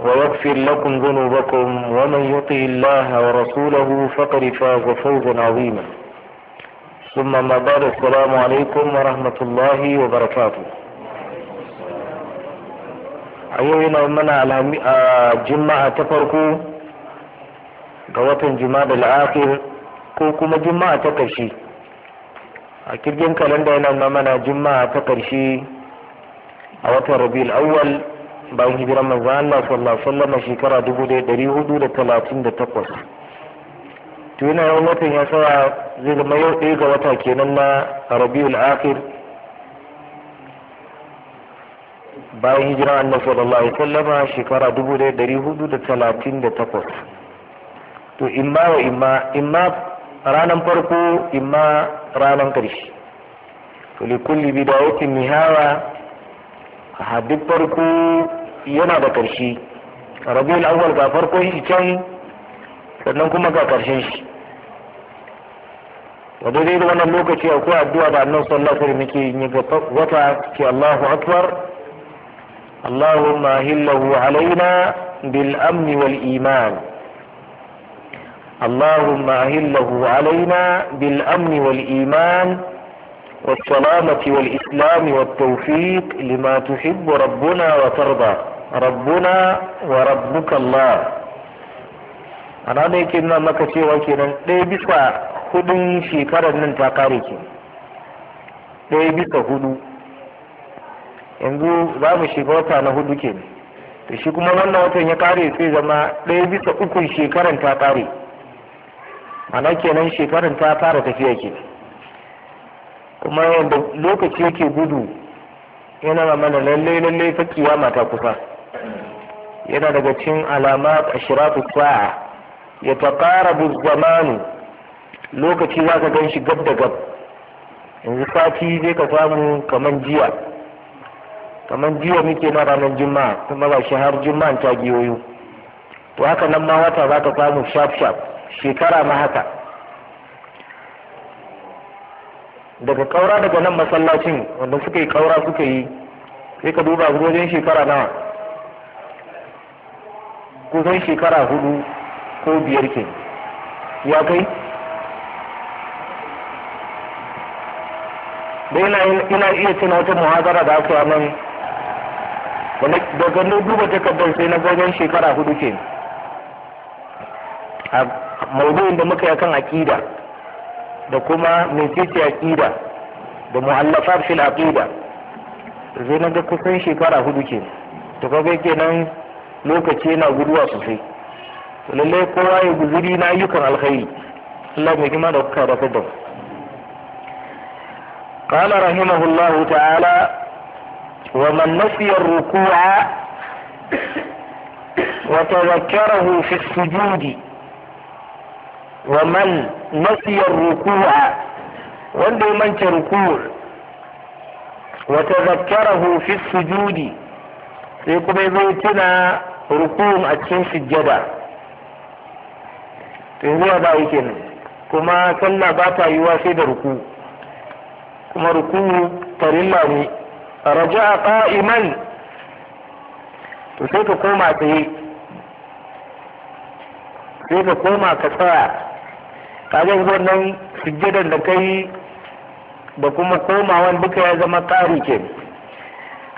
ويغفر لكم ذنوبكم ومن يطع الله ورسوله فقد فاز فوزا عظيما ثم ما بعد السلام عليكم ورحمة الله وبركاته أيوة منا على جمعة تفرقوا قوات جماد الآخر ko kuma juma'a ta ƙarshe a kirgin kalanda yana mana juma'a ta ƙarshe a watan rabiul awwal bayan hijiran manzo Allah sallallahu alaihi wasallam shekara 1438 to yana yawan watan ya tsaya zai zama yau ɗaya ga wata kenan na Rabiul Akhir bayan an na sallallahu alaihi wasallam shekara 1438 to imma wa imma imma ranan farko imma ranan karshe to likulli bidayatin mihawa duk farko yana da ƙarshe rabiul awwal ga farko shi can sannan kuma ga ƙarshen shi a daidai da wannan lokaci akwai addu'a da annabi sallallahu muke yi ga wata ce Allahu akbar Allahumma hillahu alaina bil amni wal iman alaina bil amni wal iman والسلامة والإسلام والتوفيق لما تحب ربنا وترضى ربنا وربك الله ana ne yake nuna maka cewa kenan ɗaya bisa hudun shekarar nan ta kare ke ɗaya bisa hudu yanzu za mu shiga wata na hudu ke to shi kuma wannan watan ya kare sai zama ɗaya bisa ukun shekarar ta kare ana kenan shekarar ta fara tafiya ke kuma yadda lokaci yake gudu yana mana lalle lalle ta kiyama ta kusa yana daga cikin alama ashratu sa'a ya yataqarabu zamanu lokaci za ka gan shi gab da gab yanzu sati zai ka samu kaman jiya kaman jiya muke na ranar juma'a kuma ba shi har juma'an ta giyoyo to haka nan ma wata za ka samu shaf shaf shekara ma haka daga kaura daga nan masallacin wanda suka yi kaura suka yi sai ka duba wajen shekara nawa kusan shekara hudu ko biyar ke ya kai da ina iya tuna wata muhazara da aka nan daga na duba takardar sai na wajen shekara hudu ke a maudu da muka yi kan akida da kuma mecece aqida da muhallafar fil aqida zai na ga kusan shekara hudu ke to kaga kenan lokaci yana guduwa sosai lallai kowa ya guzuri na ayyukan alkhairi Allah mai gima da kuka da fadon قال رحمه الله تعالى ومن نسي الركوع وتذكره في السجود wa man nasiyar ruku'a wanda ya manta ruku'u zakkara tazakkarahu su sujudi sai kuma ya zai tuna ruku'un a cikin sujjada to yanzu ba yake nan kuma sallah ba ta yi sai da ruku'u kuma ta farilla ne raja'a qa'iman to sai ka koma tsaye sai ka koma ka tsaya kaga wannan sujjadan da kai da kuma komawan duka ya zama tsari ke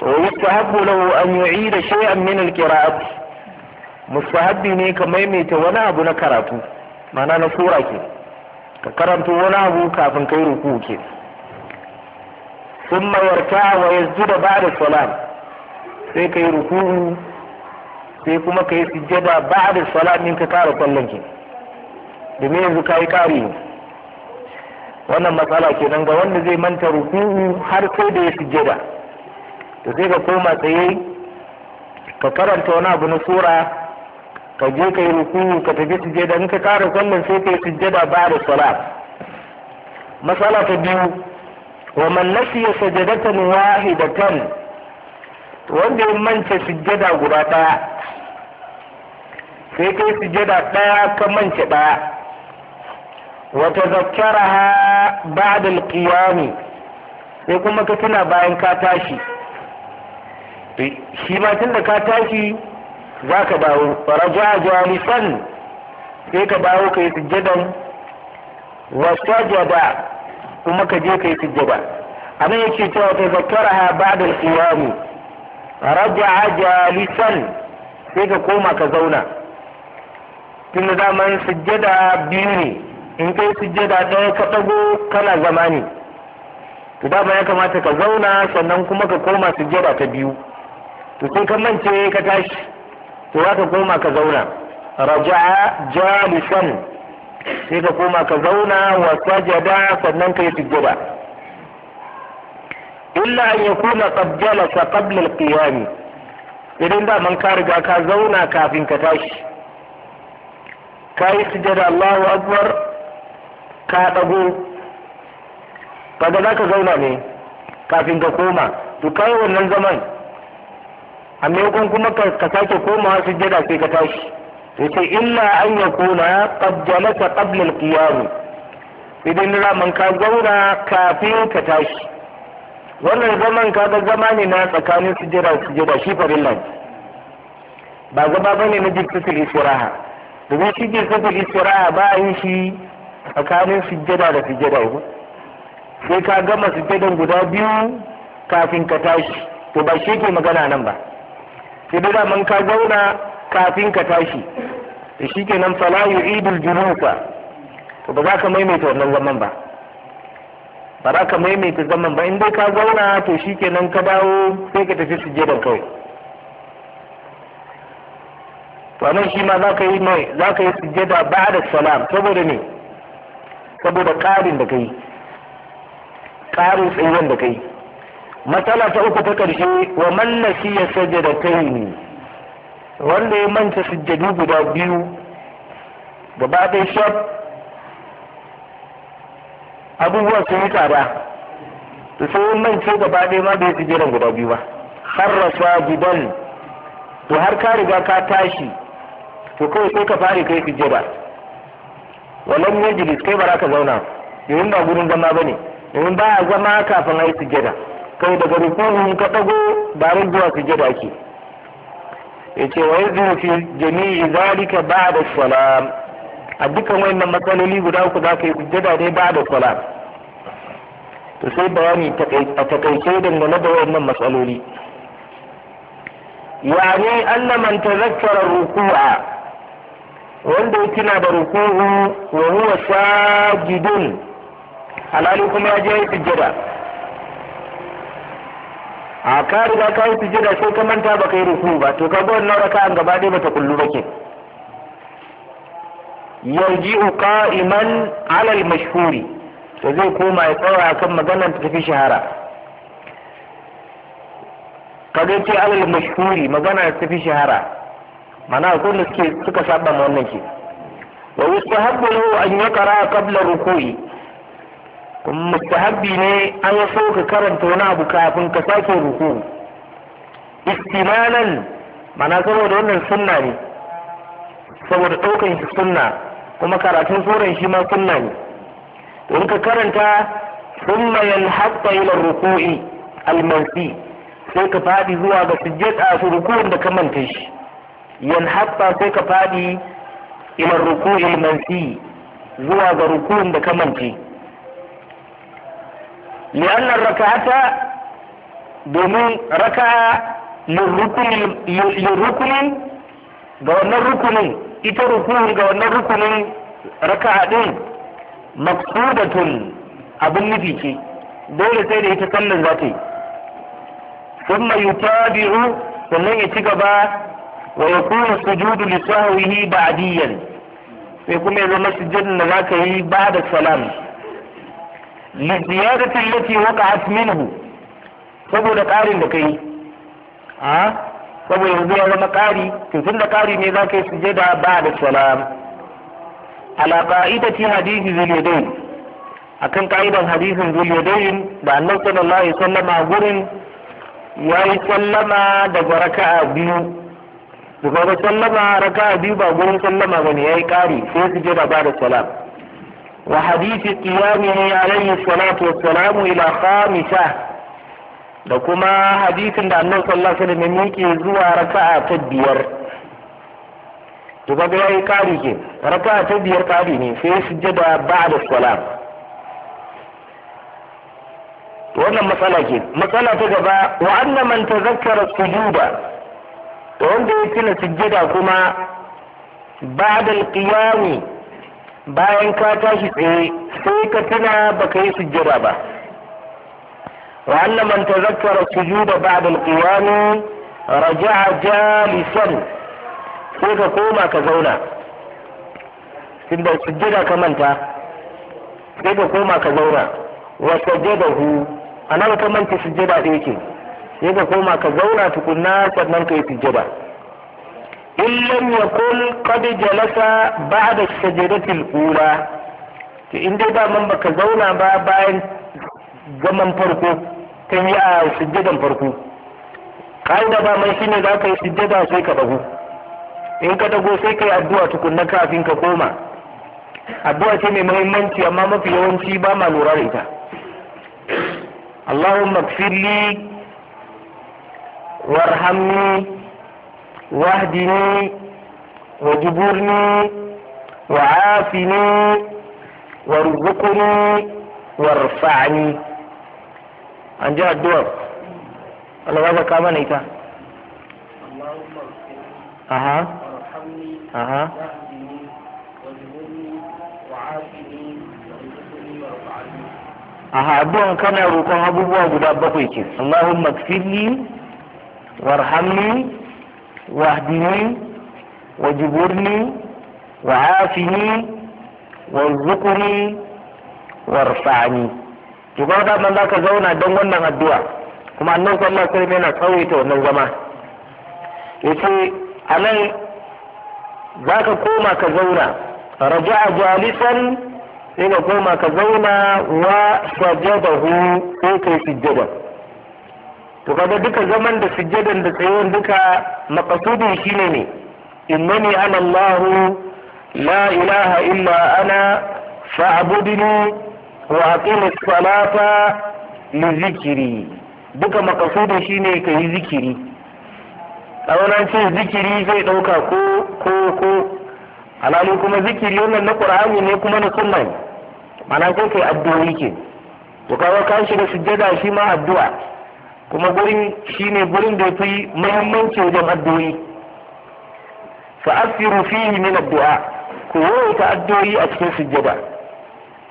to yustahabbu lahu an yu'ida shay'an min al musu mustahabbi ne ka maimaita wani abu na karatu mana na sura ke ka karanto wani abu kafin kai ruku ke thumma yarka wa ba ba'da salam sai kai ruku sai kuma kai sujjada ba'da salam in ka kara sallan ke domin yanzu ka yi ƙari ne wannan matsala kenan ga wanda zai manta ruku'u har sai da ya sujjada to sai ka koma tsaye ka karanta wani abu na sura ka je ka yi ruku'u ka tafi sujjada in ka ƙara sallan sai ka yi sujjada ba da sala matsala ta biyu wa man nasiya sajadatan wahidatan wanda ya manta sujjada guda ɗaya sai kai sujjada ɗaya ka manta ɗaya وتذكرها بعد القيام sai kuma ka tuna bayan ka tashi shi ma tun da ka tashi za ka dawo faraja jalisan sai ka dawo kai yi sujjadan wasajada kuma ka je ka yi sujjada abin yake cewa ta zakkara ha ba'da al-qiyam raja'a jalisan sai ka koma ka zauna tun da zaman sujjada biyu ne in kai sujjada ɗaya ka ɗago kana zama ne to dama ya kamata ka zauna sannan kuma ka koma sujjada ta biyu to sai ka mance ka tashi to za ka koma ka zauna raja'a jalisan sai ka koma ka zauna wa sajada sannan ka yi sujjada illa an yakuna qad tsabjala sa al-qiyam idan da man ka riga ka zauna kafin ka tashi kai sujjada Allahu akbar ka ɗago kaga za ka zauna ne kafin ka koma to kai wannan zaman a maimakon kuma ka sake komawa jada sai ka tashi yace illa an ya kona ƙabjala qabla al-qiyam idan raman ka zauna kafin ka tashi wannan zaman kaga zama ne na tsakanin su jada shi farillan ba zama bane na jirkisul istiraha domin shi sufuri istiraha ba yin shi tsakanin sujjada da sujjada ko sai ka gama sujjadan guda biyu kafin ka tashi to ba shi ke magana nan ba sai da man ka zauna kafin ka tashi to shi kenan fala yu'idul junusa to ba za ka maimaita wannan zaman ba ba za ka maimaita zaman ba in dai ka zauna to shi kenan ka dawo sai ka tafi sujjadan kawai to nan shi ma za ka yi mai za ka yi sujjada ba da salam saboda ne saboda ƙarin da kai ƙarin tsayuwan da kai matsala ta uku ta ƙarshe wa mallaki ya sajja da kai ne wanda ya manta sujjadu guda biyu gaba ɗaya shaf abubuwan sun yi tsada to sai yin da gaba ɗaya ma bai sujjadan guda biyu ba har rasuwa gidan to har ka riga ka tashi to kawai sai ka fara kai sujjada walam yajlis kai ba za ka zauna domin ba gurin zama bane domin ba a zama kafin ai sujada kai daga rukunin ka dago ba ran zuwa sujada ake yace wa yadhu fi jami'i zalika ba'da salam a dukkan wannan matsaloli guda uku za ka yi sujada ne ba'da salam to sai bayani a takaice dangane da wannan matsaloli yani anna man ruku'a wanda ya na da ruku'u wa huwa sajidun alali kuma ya je ya a ka riga ka yi tijjada sai ka manta ba ka yi ruku ba to ka ga wannan an gaba ɗaya bata kullu ba ke yarji'u qa'iman 'ala al-mashhuri to zai koma ya tsaya akan maganar ta tafi shahara kaga ce alal mashhuri magana ta tafi shahara mana akwai da suke suka saba ma wannan ke wa yustahabbu an yakara qabla ruku'i kuma mustahabbi ne an ya so ka karanta wani abu kafin ka sake ruku'u istimalan mana saboda wannan sunna ne saboda ɗaukan shi sunna kuma karatun suran shi ma sunna ne in ka karanta thumma yanhatta ila ruku'i al sai ka fadi zuwa ga sujjada su rukun da ka manta shi yanhabba sai ka fadi ilar ruku'il manti zuwa ga rukun da ka mance li'anna raka'ata domin raka'a lil rukunin ga wannan rukunin ita rukunin ga wannan rukunin raka'a din maqsudatun abun nufi ce dole sai da ita sallar za ta yi thumma yutabi'u sannan ya ci gaba wa ya su yakunu sujudu ba a ba'diyan sai kuma ya zama sujudin da ka yi ba da salam li ziyadati allati waqa'at minhu saboda ƙarin da kai a saboda yanzu ya zama ƙari tun da ƙari ne zaka yi sujada ba da salam Alaƙa ita ce hadisi zuliyadain akan ka'idan hadisin zuliyadain da annabi sallallahu alaihi sallama gurin Ya yi sallama da daga a biyu su kuma sallama raka biyu ba gurin sallama ya yi ƙari sai su je da ba da salam wa hadisi ne qiyamihi alayhi salatu salamu ila khamisa da kuma hadisin da annabi sallallahu alaihi wasallam yake zuwa raka'a ta biyar to kaga yayi ƙari ke raka'a ta biyar ƙari ne sai su je da ba da salam wannan matsala ke matsala ta gaba wa anna man tazakkara sujuda to wanda ya tuna sujjada kuma ba da qiyami bayan ka tashi tsaye sai ka tuna ba ka yi sujjada ba wa anna man tazakkara sujuda ba'dal qiyami raja'a jalisan sai ka koma ka zauna sun tunda sujjada ka manta sai ka koma ka zauna wa a nan ka manta sujjada da yake sai ka koma ka zauna tukunna sannan ka yi sujjada in ya kun kadi jalasa ba da shajaratin ula ta in ba man baka zauna ba bayan zaman farko kan yi a sujjadan farko kaida ba man shine za ka yi sujjada sai ka dago in ka dago sai ka yi addu'a tukunna kafin ka koma addu'a ce mai muhimmanci amma mafi yawanci ba ma lura da ita اللهم اغفر لي وارحمني واهدني وجبرني وعافني وارزقني وارفعني عن جهة الدور الله غازا كما نيتا أها اها وارحمني اها واهدني وجبرني وعافني وارزقني وارفعني اها الدول كان يروقون ابوبوا غدا بكوي كي اللهم اغفر لي وارحمني واهدني وجبرني وعافني وارزقني warfani. kuma da man zaka zauna don wannan addu'a kuma annabi sai alaihi na yana tsawaita wannan zama yace anan zaka koma ka zauna raja'a jalisan sai ka koma ka zauna wa sajadahu sai kai sujjada to kaga duka zaman da sujjadan da tsayon duka maqsudin shine ne innani ana Allah la ilaha illa ana fa'budni wa aqimi salata li zikri duka maqsudin shine ka yi zikiri a ce zikiri zai dauka ko ko ko alali kuma zikiri wannan na qur'ani ne kuma na sunna ne ma'ana ko kai addu'a ke to kawai ka shiga sujjada shi ma addu'a kuma gurin ne gurin da fi muhimmanci wajen addu'o'i fa asiru fihi min addu'a ku ta addu'o'i a cikin sujjada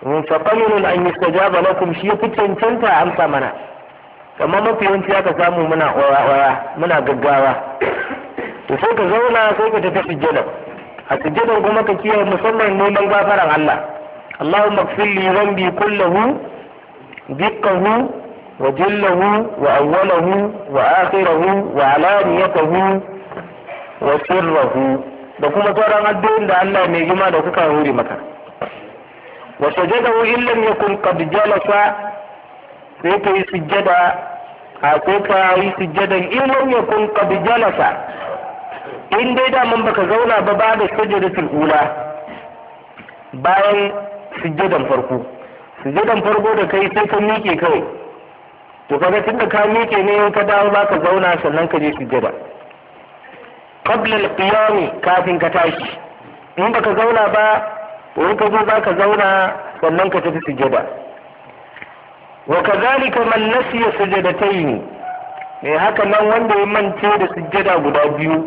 mun fa qalilun an na lakum shi yafi cancanta a amsa mana Kamar mafi yawanci aka samu muna waya muna gaggawa to sai ka zauna sai ka tafi sujjada a sujjadan kuma ka kiyaye musamman neman gafaran Allah Allahumma ighfir li dhanbi kullahu diqqahu وجله وأوله وآخره وعلانيته وسره da kuma sauran addu'in da Allah mai girma da kuka hore maka wa sajadahu illam yakun qad jalasa sai ka sujjada a ko ka yi sujjadan illam yakun in dai da mun baka zauna ba ba da sujjadatul ula bayan sujjadan farko sujjadan farko da kai sai ka miƙe kawai to kaga tunda ka miƙe ne ka dawo za ka zauna sannan ka je sujjada qabla al-qiyam kafin ka tashi in baka zauna ba in ka zo za ka zauna sannan ka tafi sujjada wa kadhalika man nasiya sujadatayn ne eh, haka nan wanda ya mance da sujjada guda biyu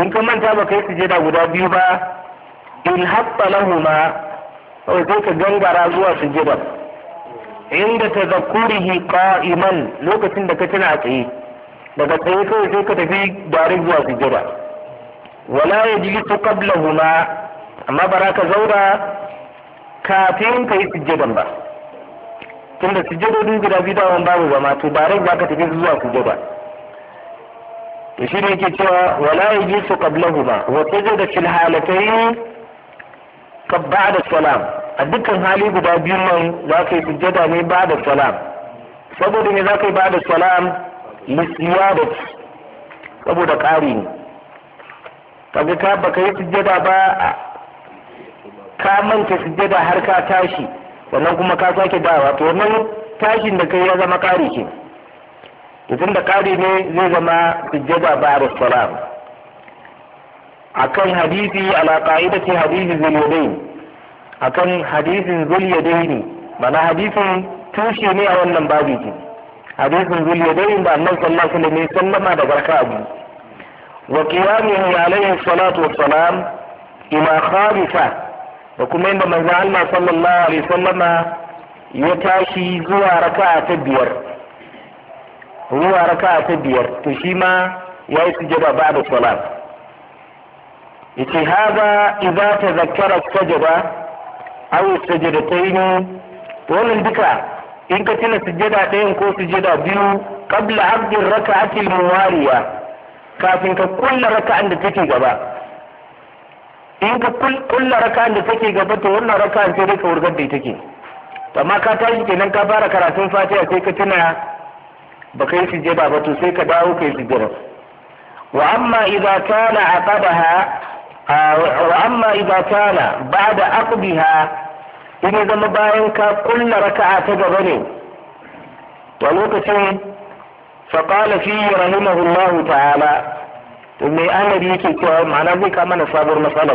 in ka manta baka yi sujjada guda biyu ba in haɓɓa lahuma sai ka gangara zuwa sujjada inda ta tazakkurihi qa'iman lokacin da ka tana tsaye daga tsaye kawai sai ka tafi dare zuwa sujjada wala yajlisu qablahuma amma bara ka zaura kafin ka yi sujjadan ba tunda sujjadodin guda biyu da babu zama to bare za ka tafi zuwa sujjada to shi ne yake cewa wala yajlisu qablahuma wa tajada fil halatayn ka da salam a dukkan hali guda biyu nan za ka yi sujjada ne ba da salam saboda ne za ka yi ba da salam lisiyadat saboda ƙari ne kaga ka baka yi sujjada ba ka manta sujjada har ka tashi sannan kuma ka sake dawa to wannan tashin da kai ya zama ƙari ke tun da ƙari ne zai zama sujjada ba da salam akan hadisi ala qa'idati hadisi zulubain akan hadisin zuliyadaini mana hadisin tushe ne a wannan babi ke hadisin zuliyadaini da annabi sallallahu alaihi sallama da barka abu wa qiyamihi alaihi salatu wassalam ila khamisa da kuma inda manzo Allah sallallahu alaihi sallama ya tashi zuwa raka'a ta biyar zuwa raka'a ta biyar to shi ma yayi sujada ba'da salat yace hada idza tadhakkara sajada awu sajadataini wannan duka in ka tuna sujjada ɗayan ko sujjada biyu qabla abdin raka'atil muwariya kafin ka kulla raka'an da take gaba in ka kulla raka'an da take gaba to wannan raka'an sai dai ka wurgar da take amma ka tashi kenan ka fara karatun fatiha sai ka tuna ba kai sujjada ba to sai ka dawo kai sujjada wa amma idza kana aqabaha wa amma idza kana ba'da aqdiha in zama bayan ka kulla raka'a ta gaba ne wa lokacin fa qala fi rahimahullahu ta'ala to me annabi yake cewa ma'ana zai kama na sabuwar matsala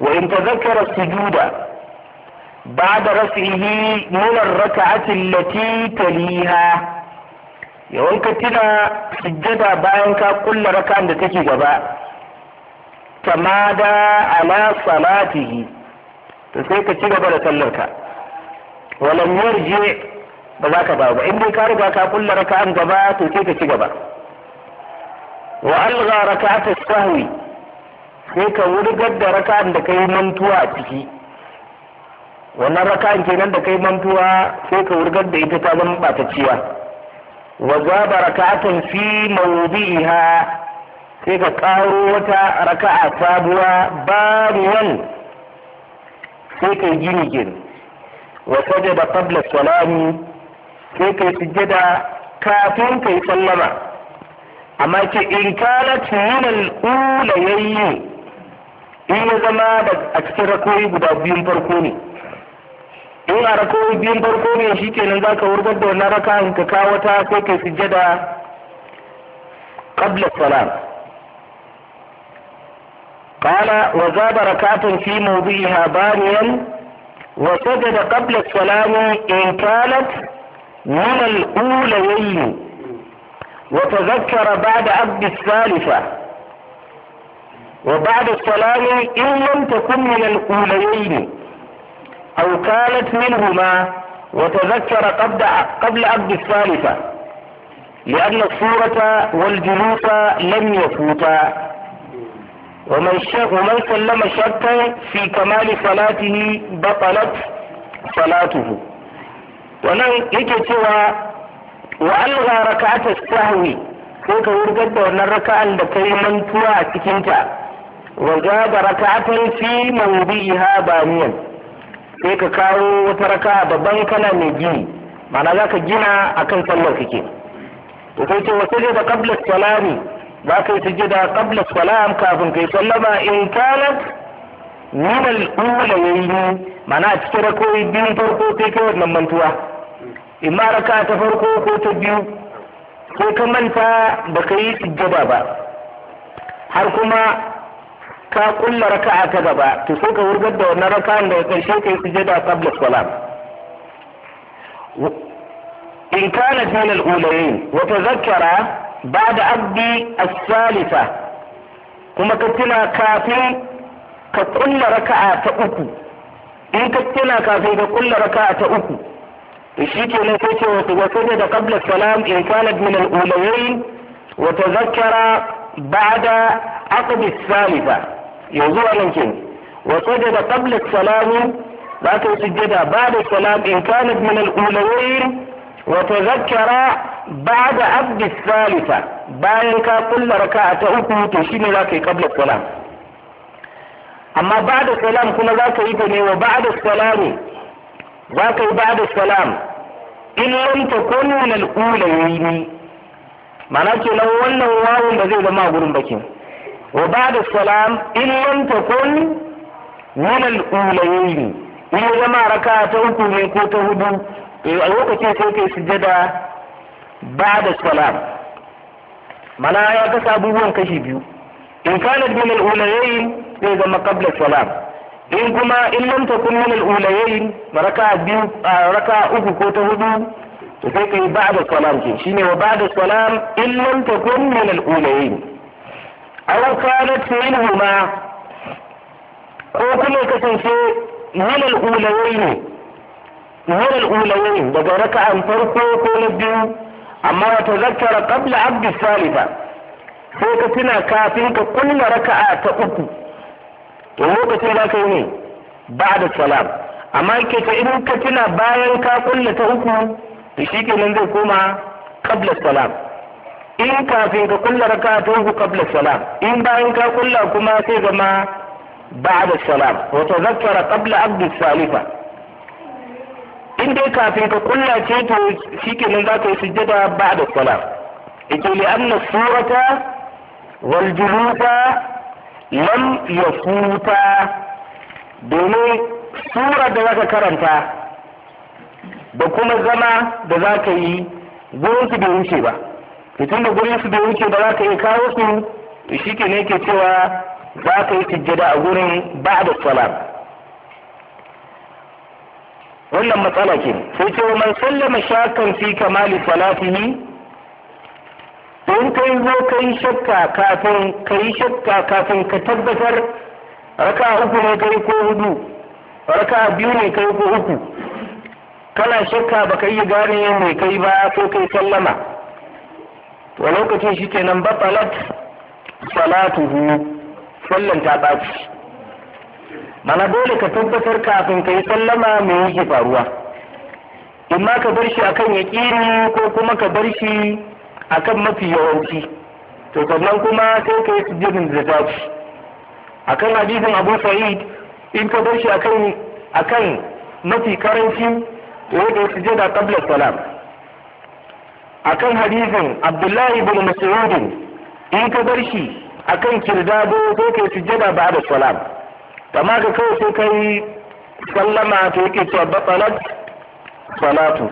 wa in tazakkara sujuda ba'da rafihi min ar-rak'ati allati taliha yawan ka tuna sujjada bayan ka kulla raka'an da take gaba tamada ala salatihi to sai ka ci gaba da sallarka walam yarji ba za ka dawo ba in dai ka riga ka kulla raka'an gaba to sai ka ci gaba wa alga raka'at as-sahwi sai ka wurgar da raka'an da kai mantuwa a ciki wannan raka'an kenan da kai mantuwa sai ka wurgar da ita ta zama batacciya wa zaba raka'atan fi mawdi'iha sai ka ƙaro wata raka'a sabuwa babu wan sai ka yi gini gini wa sajada qabla salami sai ka yi sujjada kafin ka yi sallama amma ke in kana tunan ula yayi in ya zama a cikin rakoyi guda biyun farko ne in a rakoyi biyun farko ne shi nan za ka wurgar da wannan in ka kawo ta sai ka yi sujjada qabla salam قال وزاد ركعة في موضعها بانيا وسجد قبل السلام إن كانت من الأولوين وتذكر بعد عبد الثالثة وبعد السلام إن لم تكن من الأولوين أو كانت منهما وتذكر قبل قبل عبد الثالثة لأن الصورة والجلوس لم يفوتا ومن ومن سلم شرطا في كمال صلاته بطلت صلاته wannan yake cewa wa alga raka'ata sahwi ko ka wurgar da wannan raka'an da kai mantuwa a cikin ta wa gaba raka'atan fi mawdi'iha baniyan sai ka kawo wata raka'a babban kana mai gini ma'ana zaka gina akan sallar kake to sai ce wa sai da qabla salami za ka yi sujjada qabla salam kafin kai sallama in kanat min al-awwalayn mana a cikin rakoyi biyun farko kai kai wannan mantuwa in ma raka ta farko ko ta biyu ko ka manta ba ka yi sujjada ba har kuma ka kulla raka a ta gaba ta so ka wurgar da wannan raka'an daga karshe kai sujjada qabla salam in kanat min al-awwalayn wa tadhakkara بعد أبي الثالثة كما كتنا كافي كقل ركعة أكو إن كتنا كافي كقل ركعة أكو الشيك نتيجة وسجد قبل السلام إن كانت من الأولين وتذكر بعد عقب الثالثة يوزوع لنكين وسجد قبل السلام لا تسجد بعد السلام إن كانت من الأولين وتذكر بعد عبد الثالثة bayan ka kulla raka'a ta uku to shine za ka yi qabla salam amma ba'da salam kuma za ka yi ta ne wa ba'da salam za ka yi ba'da salam in lam takun min al-ulayn mana kenan wannan wawun ba zai zama gurin bakin wa ba'da salam in lam zama raka'a ta uku ne ko ta hudu Eh, a lokacin sai kai sujada ba da salam mana ya kasa abubuwan kashi biyu in kana min al-ulayayn sai zama qabla salam in kuma in lam takun min al-ulayayn raka biyu raka uku ko ta hudu to sai kai ba da salam ke shine wa ba da salam in lam takun min al-ulayayn aw kanat minhuma ko kuma kasance min al ne. من الأولوين دقى ركعة فرقه كون الدين أما وتذكر قبل عبد الثالثة فوق تنا كافين كل ركعة تأكو وموقع تنا كوني بعد السلام أما كيف إن كتنا باين كل تأكو بشيك ننزل كوما قبل السلام in kafin ka kulla raka ta uku qabla salam in bayan ka kulla kuma sai zama ba'da salam wa tazakkara qabla abdi salifa in dai kafin ka kulla ce to nan za ka yi sujjada ba da sala ita li anna surata wal juluta lam yafuta domin surar da zaka karanta da kuma zama da za ka yi gurin su bai wuce ba fitin da gurin su bai wuce ba za ka yi kawo su shi ne ke cewa za ka yi sujjada a gurin ba da salam wannan matsala ke sai ce man sallama shakan fi kamali salatihi in kai zo kai shakka kafin kai shakka kafin ka tabbatar raka uku ne kai ko hudu raka biyu ne kai ko uku kana shakka baka yi gane mai kai ba ko kai sallama wa lokacin shi kenan Falat salatuhu sallan ta ɓaci mana dole ka tabbatar kafin ka yi sallama mai yake faruwa in ka bar shi akan kiri ko kuma ka bar shi akan mafi yawanci to sannan kuma sai ka yi sujudin da ci akan hadisin abu sa'id in ka bar shi akan akan mafi karanci to ya yi sujada qabla salam akan hadisin abdullahi ibn mas'ud in ka bar shi akan kirdado sai yi sujada ba'da salam فما كفو سكي صلى ما فيك فبطلت صلاته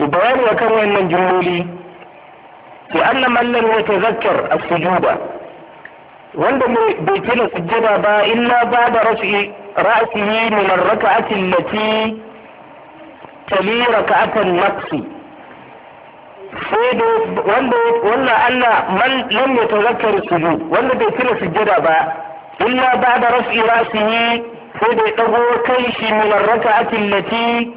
وبواني وكروا إن الجمولي لأن من لم يتذكر السجود وندم بيتنا سجد إلا بعد رأسه رأسه من الركعة التي تلي ركعة النقص سيدو وندم أن من لم يتذكر السجود وندم بيتنا سجد با illa ba da rafi rasihi sai da ya ɗago kai shi minar raka'ati lati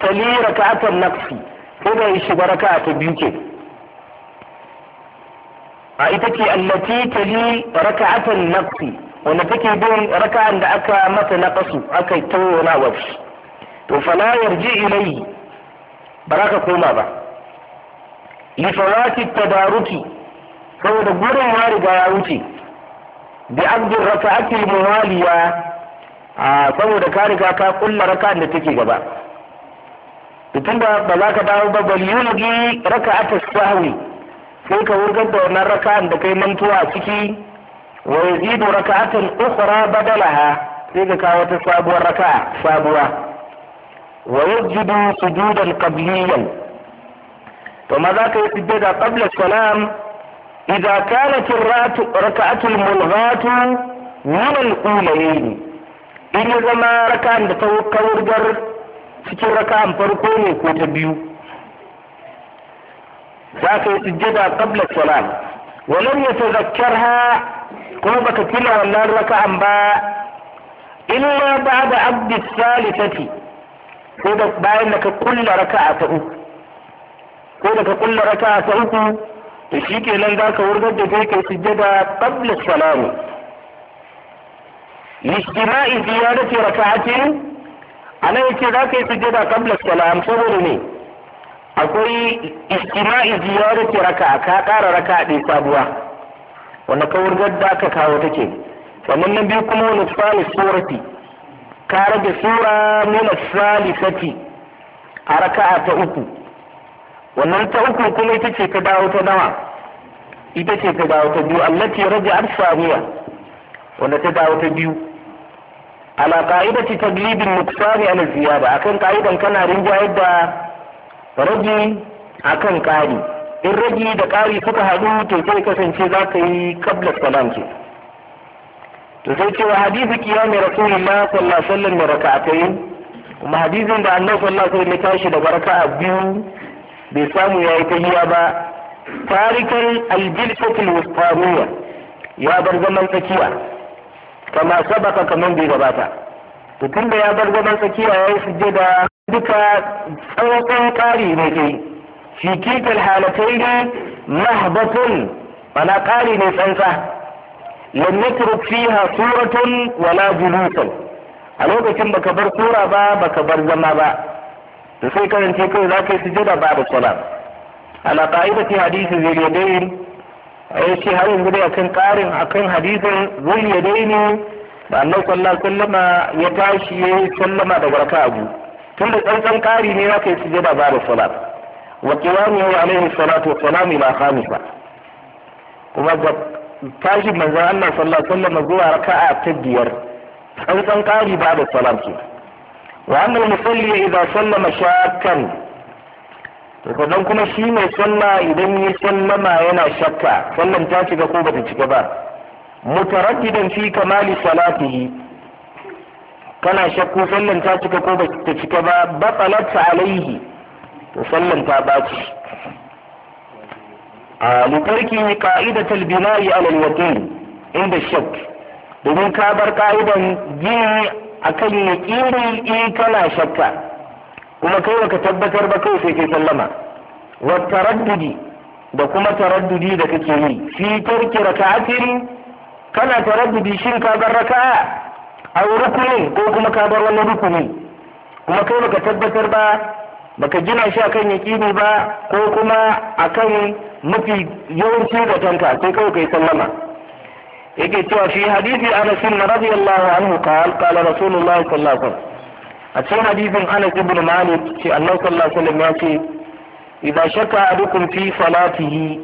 tali raka'atan nafsi sai da ya shiga raka'a ta biyu ke a ita ce allati tali raka'atan nafsi wanda take bin raka'an da aka mata na akai aka shi ba za ka koma ba li ta daruki. saboda gurin ya riga ya wuce bi abdin raka'atil muwaliya saboda ka riga ka kulla raka'an da take gaba tun da ba za ka dawo ba bal yulgi raka'ata sahwi sai ka wurgar da wannan raka'an da kai mantuwa a ciki wa yazidu raka'atan ukhra badalaha sai ka kawo ta sabuwar raka'a sabuwa wa yajidu sujudan qabliyan to ma za ka yi sujjada qabla salam إذا كانت الركعة الملغاة من الأولين إن زما ركعة تتوقع ورجر cikin raka'an farko ne ko ta biyu za ka yi sujjada qabla salam walam yatazakkarha ko baka tuna wannan raka'an ba illa ba'da abdi salisati ko da bayan da ka kulla raka'a ta ko da ka kulla raka'a ta uku to shi kenan za ka wurgar da kai kai sujjada qabla salamu lijtima'i ziyadati raka'atin anan yake za ka yi sujjada qabla salam saboda ne akwai dace ziyadati raka'a ka ƙara raka'a ɗaya sabuwa wanda ka wurgar da ka kawo take sannan na biyu kuma wani tsali surati ka rage sura nuna tsali sati a raka'a ta uku wannan ta uku kuma ita ce ta dawo ta nawa ita ce ta dawo ta biyu allati raja'at saniya wanda ta dawo ta biyu ala qa'idati taglibin nuqsani ala ziyada akan ka'idan kana rinjayar da ragi akan kari in ragi da kari suka haɗu to sai kasance za ka yi kabla salam ke to sai wa hadisi kiyami rasulullah sallallahu alaihi wasallam da raka'atayn kuma hadisin da annabi sallallahu alaihi wasallam ya tashi daga raka'a biyu bai samu ya yi tahiya ba tarikan aljilfatul wasfaniya ya bar zaman tsakiya kama sabaka kaman bai gabata to ya bar zaman tsakiya ya yi da duka tsawon kari ne ke shi kikal halatai ne mahbatun mana kari ne tsansa lam yatruk fiha suratun wala julusan a lokacin baka bar sura ba baka bar zama ba to sai karance kawai za ka yi sujada da salam ala qa'idati hadisi zai yadayn ai eh, ce har yanzu dai akan karin akan hadisin zai yadayn da annabi sallallahu alaihi wasallama ya tashi ya yi sallama da barka abu tun da tsantsan kari ne za ka yi sujada da salam wa qiyamuhu alaihi salatu wa salam ila khamisa kuma ga tashin manzon Allah sallallahu alaihi wasallama zuwa raka'a ta biyar tsantsan kari da salam kenan وأما المصلي إذا سلم شاكا sannan kuma shi mai sallah idan ya sallama yana shakka sallan ta cika ko bata cika ba mutaraddidan fi kamali salatihi kana shakku sallan ta cika ko bata cika ba batsalat alaihi to sallan ta al inda shakk domin ka bar ka'idan gini akan yaƙini in kana shakka kuma kai baka tabbatar ba kai sai kai sallama wa taraddudi da kuma taraddudi da kake yi fi tarki raka'atin kana taraddudi shin ka bar raka'a a rukunin ko kuma ka bar wani rukuni kuma kai baka tabbatar ba baka gina shi akan yaƙini ba ko kuma akan mafi yawanci da tanka sai kawai kai sallama yake cewa fi hadisi Anas bin radiyallahu anhu qala qala Rasulullah sallallahu alaihi wasallam a cikin hadisin Anas ibn Malik ce Allah sallallahu alaihi wasallam ya ce idan shakka adukum fi salatihi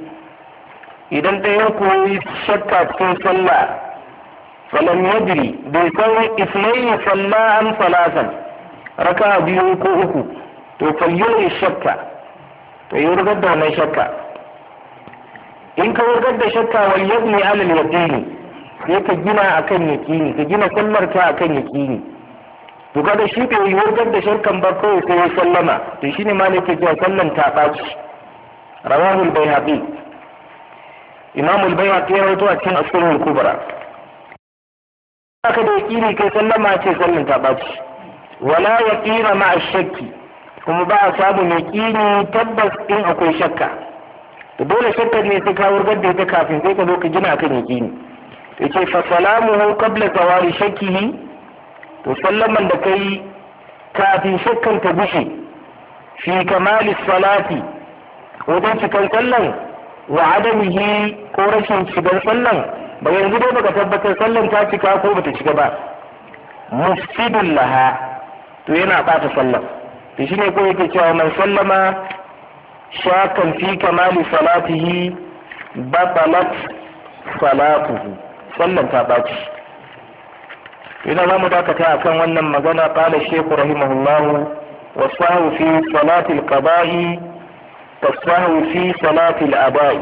idan ɗayan ku yi shakka cikin sallah falam yadri bai san ismaili sallah an salasan raka biyu ko uku to falyuri shakka to yi rugar da wannan shakka in ka wurgar da shakka wal yadni alal yadini sai ka gina akan ne, ka gina sallar ka akan ne. to kada shi yi wurgar da shirkan ba kawai ko ya sallama to ne ma ne ke cewa sallan ta ɓaci rawahul bai haɗu. imam bai bayhaqi ya rawaito a cikin asirin kubra haka da ne kai sallama ce sallan ta ɓaci wala yaqina ma shakki kuma ba a samun ne tabbas in akwai shakka to dole shakkar ne sai ka wurgar da ita kafin sai ka zo ka gina akan yaƙini yace fa salamuhu qabla zawari shakkihi to sallaman da kai kafin shakkan ta gushe fi kamali salati wajen cikan sallan wa adamihi ko rashin shigar sallan ba yanzu dai baka tabbatar sallan ta cika ko bata cika ba mufsidun laha to yana bata sallan to shine ko yake cewa man sallama shakan fi kamali salatihi batalat salatuhu sallan ta ɓaci إذا ما مداك تأكم وأن مغنى قال الشيخ رحمه الله والصهو في صلاة القضاء كالصهو في صلاة الأباء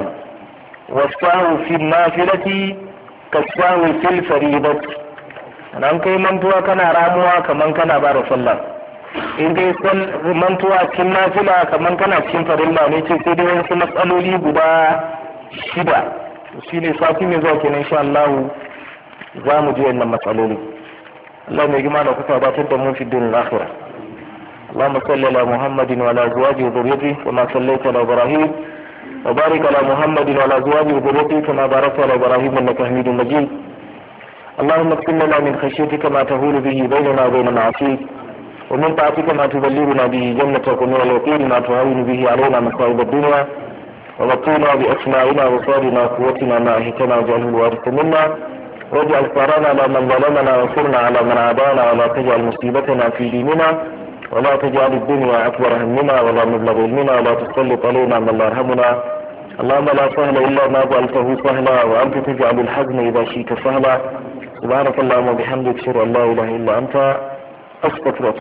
والصهو في النافلة كالصهو في الفريضة nan kai mantuwa kana ramuwa kaman kana ba da sallah in dai san mantuwa cikin nafila kaman kana cikin farilla ne ce sai dai wasu matsaloli guda shida shi ne sati mai zuwa kenan insha Allah za mu ji wannan matsaloli Allah mai gima da kuka batar da mu fi dinin akhirah اللهم wa على محمد وعلى ازواجه وذريته وما صليت على ابراهيم وبارك على محمد وعلى ازواجه وذريته كما باركت على ابراهيم انك حميد مجيد اللهم اقسم لنا من خشيتك ما تهول به بيننا وبين معصيك ومن طاعتك ما تبلغنا به جنتك ومن اليقين ما تهون به علينا مصائب الدنيا ووقينا بأسمائنا وصارنا وقوتنا ما أهتنا واجعله الوارث منا واجعل ثارنا على من ظلمنا وانصرنا على من عادانا ولا تجعل مصيبتنا في ديننا ولا تجعل الدنيا أكبر همنا ولا مبلغ علمنا ولا تسلط علينا من لا يرحمنا اللهم لا سهل إلا ما جعلته سهلا وأنت تجعل الحزن إذا شئت سهلا سبحانك اللهم وبحمدك أشهد أن لا إله إلا أنت أستغفرك